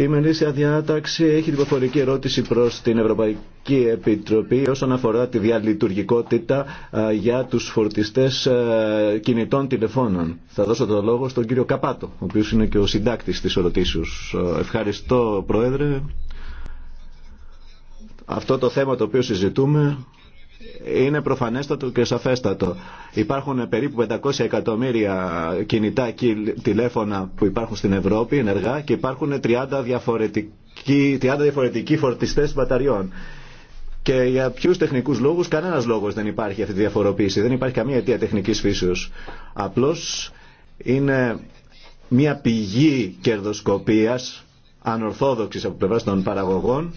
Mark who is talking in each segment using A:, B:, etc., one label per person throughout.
A: Η μερίσια διάταξη έχει την προφορική ερώτηση προς την Ευρωπαϊκή Επιτροπή όσον αφορά τη διαλειτουργικότητα για τους φορτιστές κινητών τηλεφώνων. Θα δώσω το λόγο στον κύριο Καπάτο, ο οποίος είναι και ο συντάκτης της ερωτήσεως. Ευχαριστώ, Πρόεδρε. Αυτό το θέμα το οποίο συζητούμε είναι προφανέστατο και σαφέστατο. Υπάρχουν περίπου 500 εκατομμύρια κινητά τηλέφωνα που υπάρχουν στην Ευρώπη ενεργά και υπάρχουν 30 διαφορετικοί, 30 διαφορετικοί φορτιστές μπαταριών. Και για ποιου τεχνικού λόγου, κανένα λόγο δεν υπάρχει αυτή τη διαφοροποίηση. Δεν υπάρχει καμία αιτία τεχνική φύσεω. Απλώ είναι μια πηγή κερδοσκοπία ανορθόδοξη από πλευρά των παραγωγών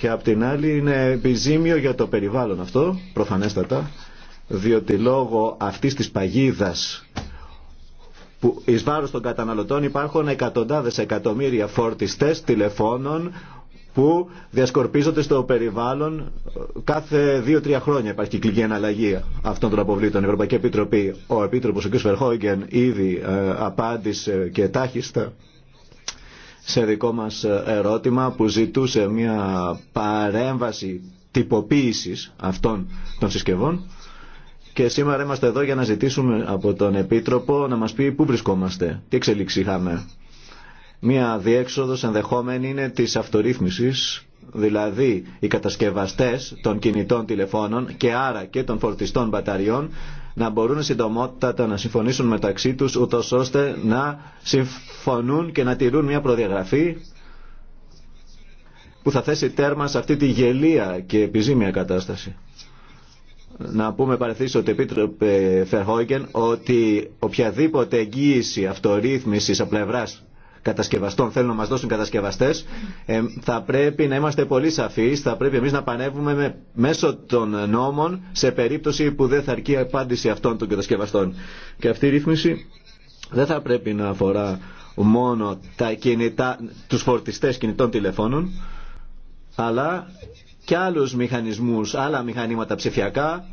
A: και απ' την άλλη είναι επιζήμιο για το περιβάλλον αυτό, προφανέστατα, διότι λόγω αυτής της παγίδας που εις βάρος των καταναλωτών υπάρχουν εκατοντάδες εκατομμύρια φορτιστές τηλεφώνων που διασκορπίζονται στο περιβάλλον ε, κάθε δύο-τρία χρόνια υπάρχει κυκλική αναλλαγή αυτών των αποβλήτων. Η Ευρωπαϊκή Επιτροπή, ο Επίτροπος ο κ. Φερχόγγεν ήδη ε, απάντησε και τάχιστα σε δικό μας ε, ερώτημα που ζητούσε μια παρέμβαση τυποποίησης αυτών των συσκευών και σήμερα είμαστε εδώ για να ζητήσουμε από τον Επίτροπο να μας πει πού βρισκόμαστε, τι εξελίξη είχαμε. Μία διέξοδος ενδεχόμενη είναι της αυτορύθμισης, δηλαδή οι κατασκευαστές των κινητών τηλεφώνων και άρα και των φορτιστών μπαταριών να μπορούν συντομότατα να συμφωνήσουν μεταξύ τους ούτω ώστε να συμφωνούν και να τηρούν μια προδιαγραφή που θα θέσει τέρμα σε αυτή τη γελία και επιζήμια κατάσταση. Να πούμε παρεθείς ότι επίτροπε Φερχόγγεν ότι οποιαδήποτε εγγύηση αυτορύθμισης από πλευράς κατασκευαστών θέλουν να μας δώσουν κατασκευαστέ, ε, θα πρέπει να είμαστε πολύ σαφείς, θα πρέπει εμείς να πανεύουμε με, μέσω των νόμων σε περίπτωση που δεν θα αρκεί η απάντηση αυτών των κατασκευαστών. Και αυτή η ρύθμιση δεν θα πρέπει να αφορά μόνο τα κινητά, τους φορτιστές κινητών τηλεφώνων, αλλά και άλλους μηχανισμούς, άλλα μηχανήματα ψηφιακά,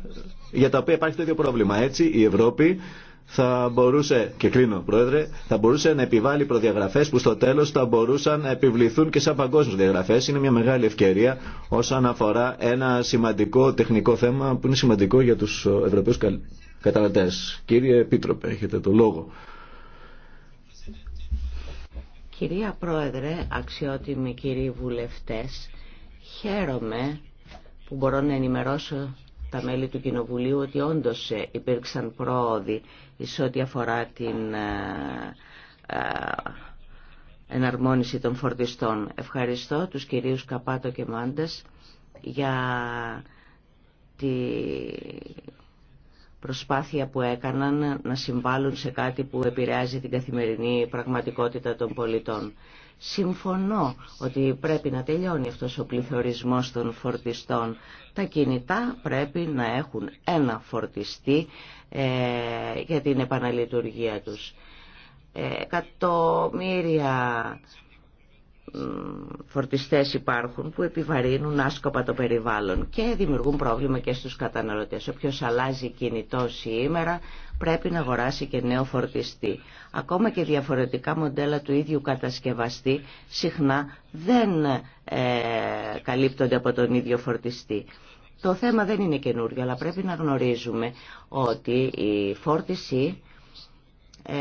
A: για τα οποία υπάρχει το ίδιο πρόβλημα. Έτσι, η Ευρώπη θα μπορούσε, και κλείνω πρόεδρε, θα μπορούσε να επιβάλλει προδιαγραφές που στο τέλος θα μπορούσαν να επιβληθούν και σαν παγκόσμιε διαγραφέ. Είναι μια μεγάλη ευκαιρία όσον αφορά ένα σημαντικό τεχνικό θέμα που είναι σημαντικό για τους ευρωπαίου καταναλωτέ. Κύριε Επίτροπε, έχετε το λόγο.
B: Κυρία Πρόεδρε, αξιότιμοι κύριοι βουλευτές, χαίρομαι που μπορώ να ενημερώσω τα μέλη του Κοινοβουλίου ότι όντως ε, υπήρξαν πρόοδοι σε ό,τι αφορά την ε, ε, εναρμόνιση των φορτιστών. Ευχαριστώ τους κυρίους Καπάτο και Μάντες για τη προσπάθεια που έκαναν να συμβάλλουν σε κάτι που επηρεάζει την καθημερινή πραγματικότητα των πολιτών. Συμφωνώ ότι πρέπει να τελειώνει αυτός ο πληθωρισμός των φορτιστών. Τα κινητά πρέπει να έχουν ένα φορτιστή ε, για την επαναλειτουργία τους ε, εκατομμύρια φορτιστές υπάρχουν που επιβαρύνουν άσκοπα το περιβάλλον και δημιουργούν πρόβλημα και στους καταναλωτές. Όποιος αλλάζει κινητό σήμερα πρέπει να αγοράσει και νέο φορτιστή. Ακόμα και διαφορετικά μοντέλα του ίδιου κατασκευαστή συχνά δεν ε, καλύπτονται από τον ίδιο φορτιστή. Το θέμα δεν είναι καινούριο, αλλά πρέπει να γνωρίζουμε ότι η φόρτιση ε,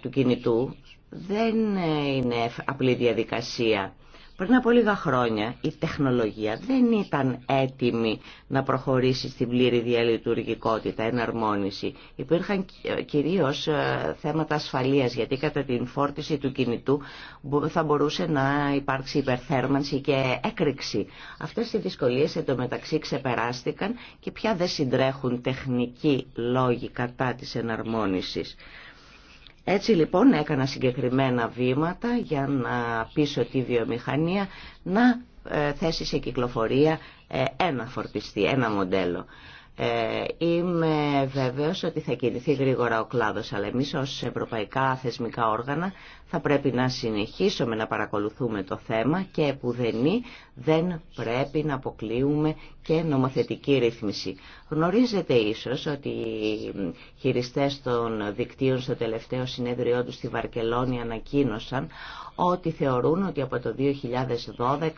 B: του κινητού δεν είναι απλή διαδικασία. Πριν από λίγα χρόνια η τεχνολογία δεν ήταν έτοιμη να προχωρήσει στην πλήρη διαλειτουργικότητα, εναρμόνιση. Υπήρχαν κυρίως ε, θέματα ασφαλείας, γιατί κατά την φόρτιση του κινητού θα μπορούσε να υπάρξει υπερθέρμανση και έκρηξη. Αυτές οι δυσκολίες εντωμεταξύ ξεπεράστηκαν και πια δεν συντρέχουν τεχνικοί λόγοι κατά της εναρμόνισης. Έτσι λοιπόν έκανα συγκεκριμένα βήματα για να πείσω τη βιομηχανία να ε, θέσει σε κυκλοφορία ε, ένα φορτιστή, ένα μοντέλο. Ε, είμαι βέβαιος ότι θα κινηθεί γρήγορα ο κλάδος, αλλά εμείς ως ευρωπαϊκά θεσμικά όργανα θα πρέπει να συνεχίσουμε να παρακολουθούμε το θέμα και επουδενή δεν πρέπει να αποκλείουμε και νομοθετική ρύθμιση. Γνωρίζετε ίσως ότι οι χειριστές των δικτύων στο τελευταίο συνέδριό τους στη Βαρκελόνη ανακοίνωσαν ότι θεωρούν ότι από το 2012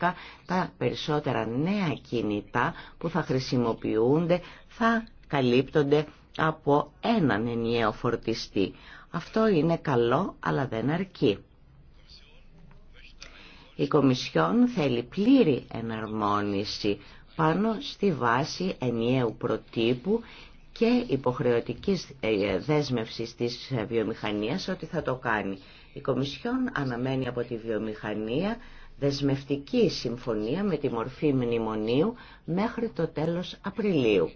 B: τα περισσότερα νέα κινητά που θα χρησιμοποιούνται θα καλύπτονται από έναν ενιαίο φορτιστή. Αυτό είναι καλό, αλλά δεν αρκεί. Η Κομισιόν θέλει πλήρη εναρμόνιση πάνω στη βάση ενιαίου προτύπου και υποχρεωτικής ε, δέσμευσης της βιομηχανίας ότι θα το κάνει. Η Κομισιόν αναμένει από τη βιομηχανία δεσμευτική συμφωνία με τη μορφή μνημονίου μέχρι το τέλος Απριλίου.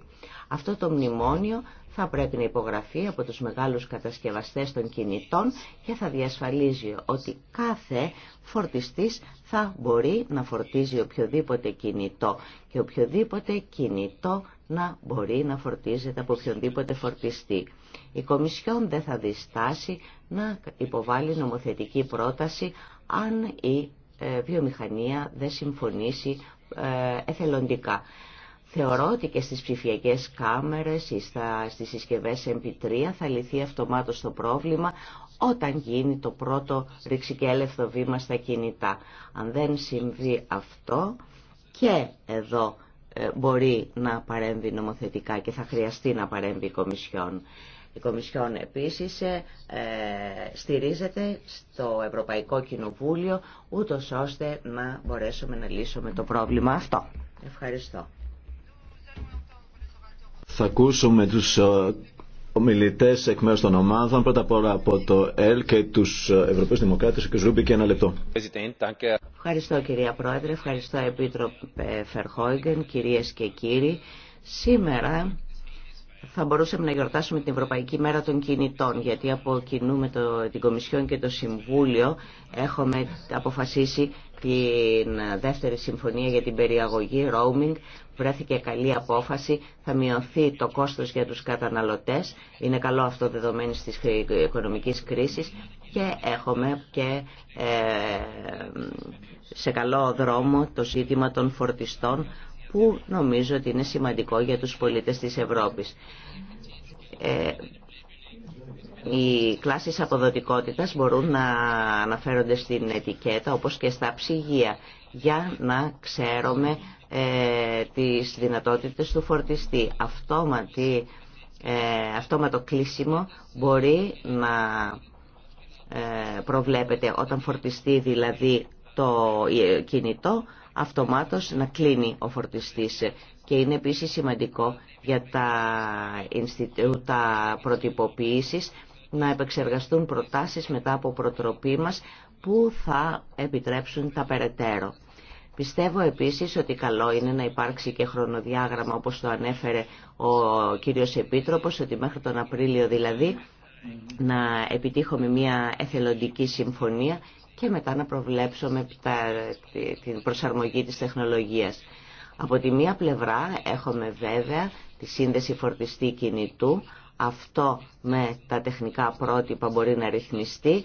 B: Αυτό το μνημόνιο θα πρέπει να υπογραφεί από τους μεγάλους κατασκευαστές των κινητών και θα διασφαλίζει ότι κάθε φορτιστής θα μπορεί να φορτίζει οποιοδήποτε κινητό και οποιοδήποτε κινητό να μπορεί να φορτίζεται από οποιονδήποτε φορτιστή. Η Κομισιόν δεν θα διστάσει να υποβάλει νομοθετική πρόταση αν η ε, βιομηχανία δεν συμφωνήσει ε, εθελοντικά. Θεωρώ ότι και στις ψηφιακές κάμερες ή στα, στις συσκευές MP3 θα λυθεί αυτομάτως το πρόβλημα όταν γίνει το πρώτο ρηξικέλευθο βήμα στα κινητά. Αν δεν συμβεί αυτό και εδώ ε, μπορεί να παρέμβει νομοθετικά και θα χρειαστεί να παρέμβει η Κομισιόν. Η Κομισιόν επίσης ε, ε, στηρίζεται στο Ευρωπαϊκό Κοινοβούλιο ούτω ώστε να μπορέσουμε να λύσουμε το πρόβλημα αυτό. Ευχαριστώ.
A: Θα ακούσουμε τους ε, ομιλητές εκ μέρους των ομάδων, πρώτα απ' όλα από το ΕΛ και τους Ευρωπαίους Δημοκράτες, και Ζούμπη και ένα λεπτό.
B: Ευχαριστώ κυρία Πρόεδρε, ευχαριστώ Επίτροπε Φερχόγγεν, κυρίες και κύριοι. Σήμερα θα μπορούσαμε να γιορτάσουμε την Ευρωπαϊκή Μέρα των Κινητών, γιατί από κοινού με το, την Κομισιόν και το Συμβούλιο έχουμε αποφασίσει την δεύτερη συμφωνία για την περιαγωγή, roaming, βρέθηκε καλή απόφαση, θα μειωθεί το κόστος για τους καταναλωτές, είναι καλό αυτό δεδομένη της οικονομικής κρίσης και έχουμε και ε, σε καλό δρόμο το ζήτημα των φορτιστών που νομίζω ότι είναι σημαντικό για τους πολίτες της Ευρώπης. Ε, οι κλάσεις αποδοτικότητας μπορούν να αναφέρονται στην ετικέτα όπως και στα ψυγεία για να ξέρουμε ε, τις δυνατότητες του φορτιστή. Αυτόματι, ε, αυτόματο κλείσιμο μπορεί να ε, προβλέπεται όταν φορτιστεί δηλαδή το ε, κινητό αυτομάτως να κλείνει ο φορτιστής και είναι επίσης σημαντικό για τα Ινστιτούτα Προτυποποίησης να επεξεργαστούν προτάσεις μετά από προτροπή μας που θα επιτρέψουν τα περαιτέρω. Πιστεύω επίσης ότι καλό είναι να υπάρξει και χρονοδιάγραμμα όπως το ανέφερε ο κύριος Επίτροπος ότι μέχρι τον Απρίλιο δηλαδή να επιτύχουμε μια εθελοντική συμφωνία και μετά να προβλέψουμε την προσαρμογή της τεχνολογίας. Από τη μία πλευρά έχουμε βέβαια τη σύνδεση φορτιστή κινητού. Αυτό με τα τεχνικά πρότυπα μπορεί να ρυθμιστεί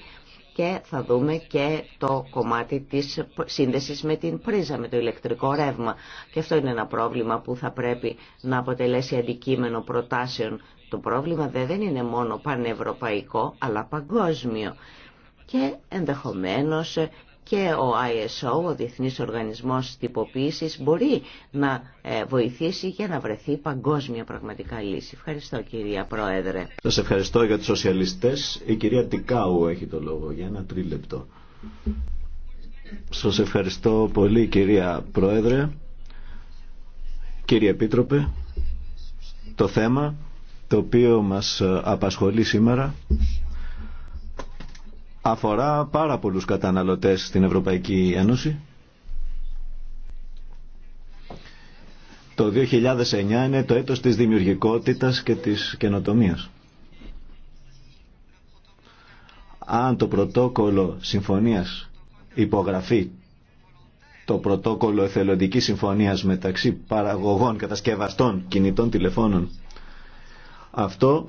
B: και θα δούμε και το κομμάτι της σύνδεσης με την πρίζα, με το ηλεκτρικό ρεύμα. Και αυτό είναι ένα πρόβλημα που θα πρέπει να αποτελέσει αντικείμενο προτάσεων. Το πρόβλημα δεν είναι μόνο πανευρωπαϊκό, αλλά παγκόσμιο και ενδεχομένως και ο ISO, ο Διεθνής Οργανισμός Τυποποίησης, μπορεί να ε, βοηθήσει για να βρεθεί παγκόσμια πραγματικά λύση. Ευχαριστώ κυρία Πρόεδρε.
A: Σας ευχαριστώ για τους σοσιαλιστές. Η κυρία Τικάου έχει το λόγο για ένα τρίλεπτο. Σας ευχαριστώ πολύ κυρία Πρόεδρε. Κύριε Επίτροπε, το θέμα το οποίο μας απασχολεί σήμερα αφορά πάρα πολλούς καταναλωτές στην Ευρωπαϊκή Ένωση. Το 2009 είναι το έτος της δημιουργικότητας και της καινοτομίας. Αν το πρωτόκολλο συμφωνίας υπογραφεί το πρωτόκολλο εθελοντικής συμφωνίας μεταξύ παραγωγών, κατασκευαστών, κινητών τηλεφώνων, αυτό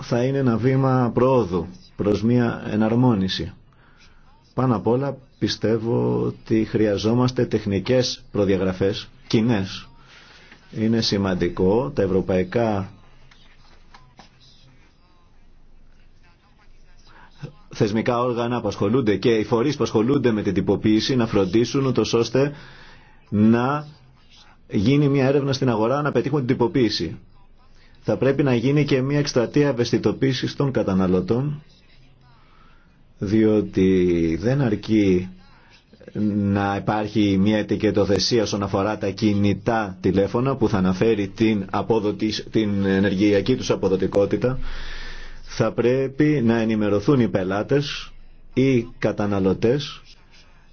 A: θα είναι ένα βήμα πρόοδου προς μια εναρμόνιση. Πάνω απ' όλα πιστεύω ότι χρειαζόμαστε τεχνικές προδιαγραφές κοινέ. Είναι σημαντικό τα ευρωπαϊκά θεσμικά όργανα που ασχολούνται και οι φορείς που ασχολούνται με την τυποποίηση να φροντίσουν το ώστε να γίνει μια έρευνα στην αγορά να πετύχουν την τυποποίηση. Θα πρέπει να γίνει και μια εκστρατεία ευαισθητοποίηση των καταναλωτών διότι δεν αρκεί να υπάρχει μια ετικετοθεσία όσον αφορά τα κινητά τηλέφωνα που θα αναφέρει την, αποδοτη, την ενεργειακή τους αποδοτικότητα θα πρέπει να ενημερωθούν οι πελάτες ή οι καταναλωτές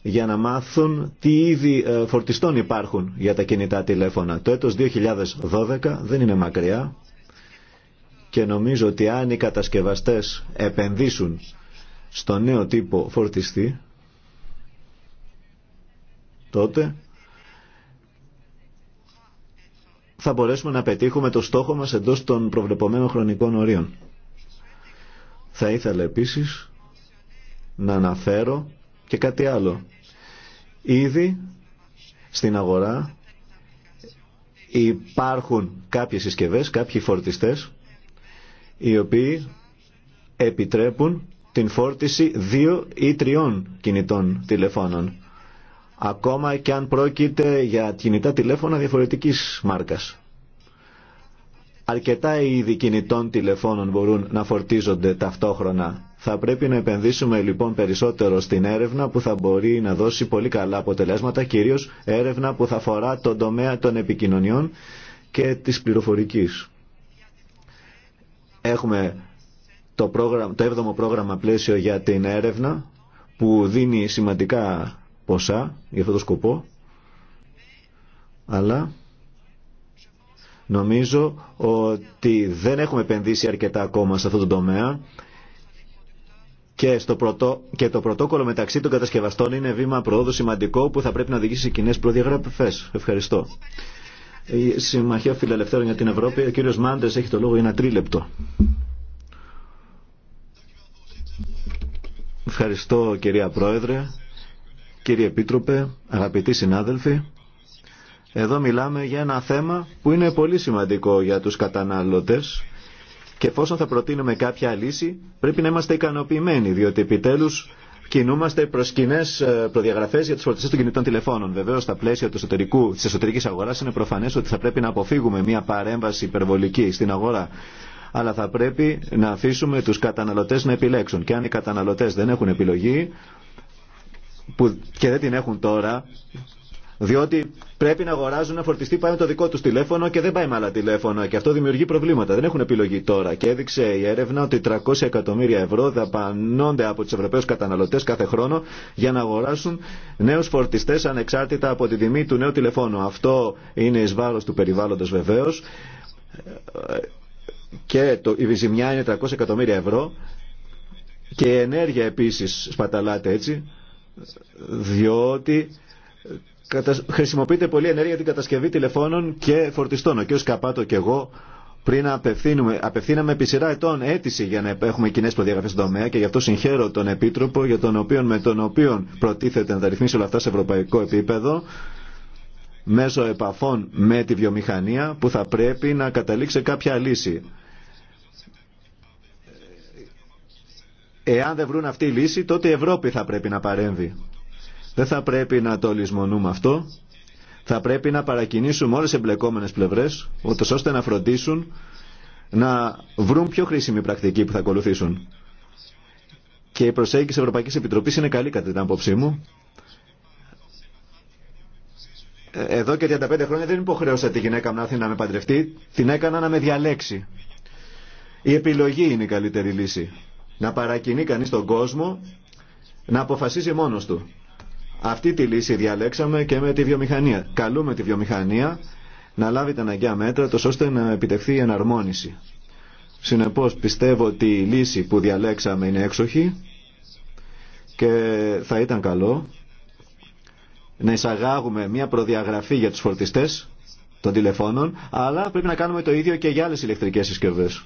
A: για να μάθουν τι είδη ε, φορτιστών υπάρχουν για τα κινητά τηλέφωνα. Το έτος 2012 δεν είναι μακριά και νομίζω ότι αν οι κατασκευαστές επενδύσουν στο νέο τύπο φορτιστή, τότε θα μπορέσουμε να πετύχουμε το στόχο μας εντός των προβλεπωμένων χρονικών ορίων. Θα ήθελα επίσης να αναφέρω και κάτι άλλο. Ήδη στην αγορά υπάρχουν κάποιες συσκευές, κάποιοι φορτιστές, οι οποίοι επιτρέπουν την φόρτιση δύο ή τριών κινητών τηλεφώνων. Ακόμα και αν πρόκειται για κινητά τηλέφωνα διαφορετικής μάρκας. Αρκετά είδη κινητών τηλεφώνων μπορούν να φορτίζονται ταυτόχρονα. Θα πρέπει να επενδύσουμε λοιπόν περισσότερο στην έρευνα που θα μπορεί να δώσει πολύ καλά αποτελέσματα, κυρίως έρευνα που θα αφορά τον τομέα των επικοινωνιών και της πληροφορικής. Έχουμε το, πρόγραμμα, το πρόγραμμα πλαίσιο για την έρευνα που δίνει σημαντικά ποσά για αυτό το σκοπό αλλά νομίζω ότι δεν έχουμε επενδύσει αρκετά ακόμα σε αυτό το τομέα και, στο πρωτό, και το πρωτόκολλο μεταξύ των κατασκευαστών είναι βήμα προόδου σημαντικό που θα πρέπει να οδηγήσει σε κοινέ προδιαγραφέ. Ευχαριστώ. Η Συμμαχία Φιλελευθέρων για την Ευρώπη, ο κύριος Μάντες έχει το λόγο για ένα τρίλεπτο. Ευχαριστώ κυρία Πρόεδρε, κύριε Επίτροπε, αγαπητοί συνάδελφοι. Εδώ μιλάμε για ένα θέμα που είναι πολύ σημαντικό για τους καταναλωτές και εφόσον θα προτείνουμε κάποια λύση πρέπει να είμαστε ικανοποιημένοι διότι επιτέλους κινούμαστε προ κοινέ ε, προδιαγραφέ για τις φορτιστέ των κινητών τηλεφώνων. Βεβαίω, στα πλαίσια του τη εσωτερική αγορά είναι προφανέ ότι θα πρέπει να αποφύγουμε μια παρέμβαση υπερβολική στην αγορά αλλά θα πρέπει να αφήσουμε τους καταναλωτές να επιλέξουν. Και αν οι καταναλωτές δεν έχουν επιλογή, που και δεν την έχουν τώρα, διότι πρέπει να αγοράζουν ένα φορτιστή πάνω το δικό του τηλέφωνο και δεν πάει με άλλα τηλέφωνα και αυτό δημιουργεί προβλήματα. Δεν έχουν επιλογή τώρα. Και έδειξε η έρευνα ότι 300 εκατομμύρια ευρώ δαπανώνται από του Ευρωπαίου καταναλωτέ κάθε χρόνο για να αγοράσουν νέου φορτιστέ ανεξάρτητα από τη τιμή του νέου τηλεφώνου. Αυτό είναι ει βάρο του περιβάλλοντο βεβαίω και το, η ζημιά είναι 300 εκατομμύρια ευρώ και η ενέργεια επίσης σπαταλάται έτσι διότι χρησιμοποιείται πολύ ενέργεια την κατασκευή τηλεφώνων και φορτιστών. Ο κ. Καπάτο και εγώ πριν απευθύνουμε, απευθύναμε επί σειρά ετών αίτηση για να έχουμε κοινέ προδιαγραφέ στον τομέα και γι' αυτό συγχαίρω τον Επίτροπο για τον με τον οποίο προτίθεται να τα ρυθμίσει όλα αυτά σε ευρωπαϊκό επίπεδο μέσω επαφών με τη βιομηχανία που θα πρέπει να καταλήξει κάποια λύση. Εάν δεν βρουν αυτή η λύση, τότε η Ευρώπη θα πρέπει να παρέμβει. Δεν θα πρέπει να το λησμονούμε αυτό. Θα πρέπει να παρακινήσουμε όλες τις εμπλεκόμενες πλευρές, ώστε να φροντίσουν να βρουν πιο χρήσιμη πρακτική που θα ακολουθήσουν. Και η προσέγγιση της Ευρωπαϊκής Επιτροπής είναι καλή κατά την άποψή μου εδώ και 35 χρόνια δεν υποχρέωσα τη γυναίκα μου να να με παντρευτεί, την έκανα να με διαλέξει. Η επιλογή είναι η καλύτερη λύση. Να παρακινεί κανεί τον κόσμο να αποφασίζει μόνο του. Αυτή τη λύση διαλέξαμε και με τη βιομηχανία. Καλούμε τη βιομηχανία να λάβει τα αναγκαία μέτρα τόσο ώστε να επιτευχθεί η εναρμόνιση. Συνεπώς πιστεύω ότι η λύση που διαλέξαμε είναι έξοχη και θα ήταν καλό να εισαγάγουμε μια προδιαγραφή για τους φορτιστές των τηλεφώνων, αλλά πρέπει να κάνουμε το ίδιο και για άλλες ηλεκτρικές συσκευές.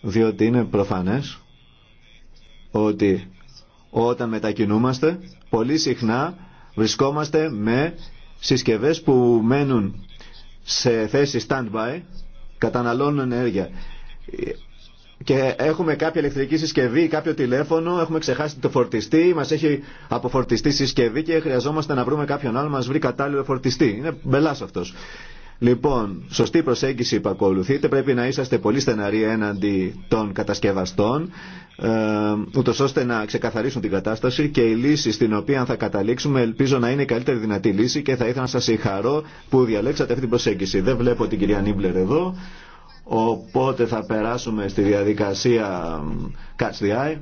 A: Διότι είναι προφανές ότι όταν μετακινούμαστε, πολύ συχνά βρισκόμαστε με συσκευές που μένουν σε θέση stand-by, καταναλώνουν ενέργεια και έχουμε κάποια ηλεκτρική συσκευή, κάποιο τηλέφωνο, έχουμε ξεχάσει το φορτιστή, μα έχει αποφορτιστεί συσκευή και χρειαζόμαστε να βρούμε κάποιον άλλο, μα βρει κατάλληλο φορτιστή. Είναι μπελά αυτό. Λοιπόν, σωστή προσέγγιση που ακολουθείτε πρέπει να είσαστε πολύ στεναροί έναντι των κατασκευαστών, ε, ούτω ώστε να ξεκαθαρίσουν την κατάσταση και η λύση στην οποία θα καταλήξουμε ελπίζω να είναι η καλύτερη δυνατή λύση και θα ήθελα να σα συγχαρώ που διαλέξατε αυτή την προσέγγιση. Δεν βλέπω την κυρία Νίμπλερ εδώ. Οπότε θα περάσουμε στη διαδικασία Catch the Eye.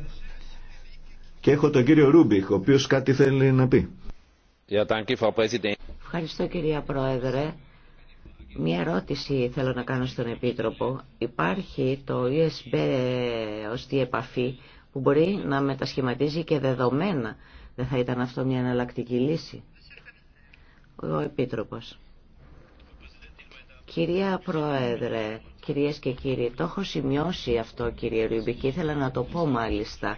A: Και έχω τον κύριο Ρούμπιχ, ο οποίος κάτι θέλει να πει.
B: Ευχαριστώ κυρία Πρόεδρε. Μία ερώτηση θέλω να κάνω στον Επίτροπο. Υπάρχει το ESB ως τη επαφή που μπορεί να μετασχηματίζει και δεδομένα. Δεν θα ήταν αυτό μια εναλλακτική λύση. Ο Επίτροπος. Κυρία Πρόεδρε, Κυρίες και κύριοι, το έχω σημειώσει αυτό κύριε Ρούμπη και ήθελα να το πω μάλιστα.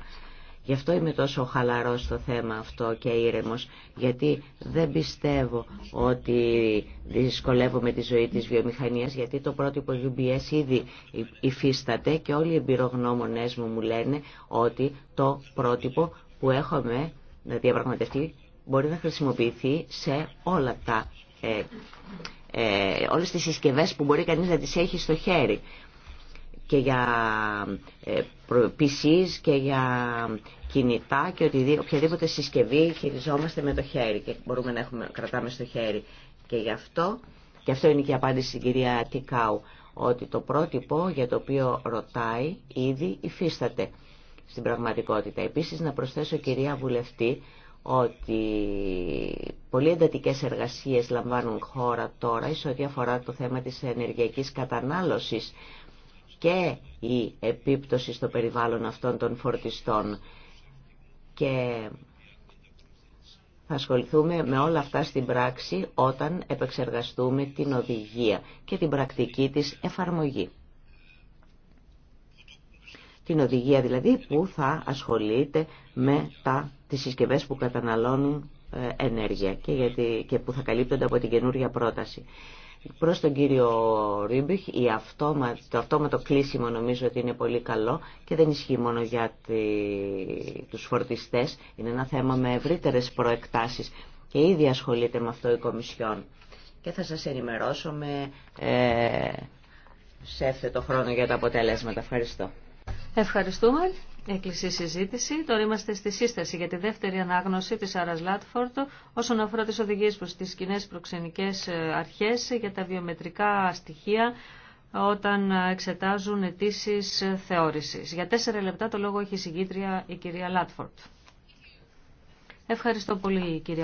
B: Γι' αυτό είμαι τόσο χαλαρός στο θέμα αυτό και ήρεμος, γιατί δεν πιστεύω ότι δυσκολεύομαι τη ζωή της βιομηχανίας, γιατί το πρότυπο UBS ήδη υφίσταται και όλοι οι εμπειρογνώμονές μου μου λένε ότι το πρότυπο που έχουμε να διαπραγματευτεί μπορεί να χρησιμοποιηθεί σε όλα τα ε, ε, όλες τις συσκευές που μπορεί κανείς να τις έχει στο χέρι και για ε, PCs και για κινητά και οτι, οποιαδήποτε συσκευή χειριζόμαστε με το χέρι και μπορούμε να έχουμε, κρατάμε στο χέρι. Και γι' αυτό, και αυτό είναι και η απάντηση στην κυρία Τικάου, ότι το πρότυπο για το οποίο ρωτάει ήδη υφίσταται στην πραγματικότητα. Επίσης να προσθέσω κυρία Βουλευτή ότι πολύ εντατικέ εργασίες λαμβάνουν χώρα τώρα σε ό,τι αφορά το θέμα της ενεργειακής κατανάλωσης και η επίπτωση στο περιβάλλον αυτών των φορτιστών. Και θα ασχοληθούμε με όλα αυτά στην πράξη όταν επεξεργαστούμε την οδηγία και την πρακτική της εφαρμογή. Την οδηγία δηλαδή που θα ασχολείται με τα τις συσκευέ που καταναλώνουν ε, ενέργεια και, γιατί, και που θα καλύπτονται από την καινούργια πρόταση. Προς τον κύριο Ρίμπιχ, η αυτόμα, το αυτόματο κλείσιμο νομίζω ότι είναι πολύ καλό και δεν ισχύει μόνο για τη, τους φορτιστές. Είναι ένα θέμα με ευρύτερες προεκτάσεις και ήδη ασχολείται με αυτό η Κομισιόν. Και θα σας ενημερώσω ε, σε εύθετο χρόνο για τα αποτελέσματα. Ευχαριστώ. Ευχαριστούμε. Έκλεισε η συζήτηση. Τώρα είμαστε στη σύσταση για τη δεύτερη ανάγνωση της Άρα Λάτφορντ όσον αφορά τι οδηγίες προ τι κοινέ προξενικέ ε, αρχές για τα βιομετρικά στοιχεία όταν εξετάζουν αιτήσει ε, θεώρηση. Για τέσσερα λεπτά το λόγο έχει η η κυρία Λάτφορντ. Ευχαριστώ πολύ κυρία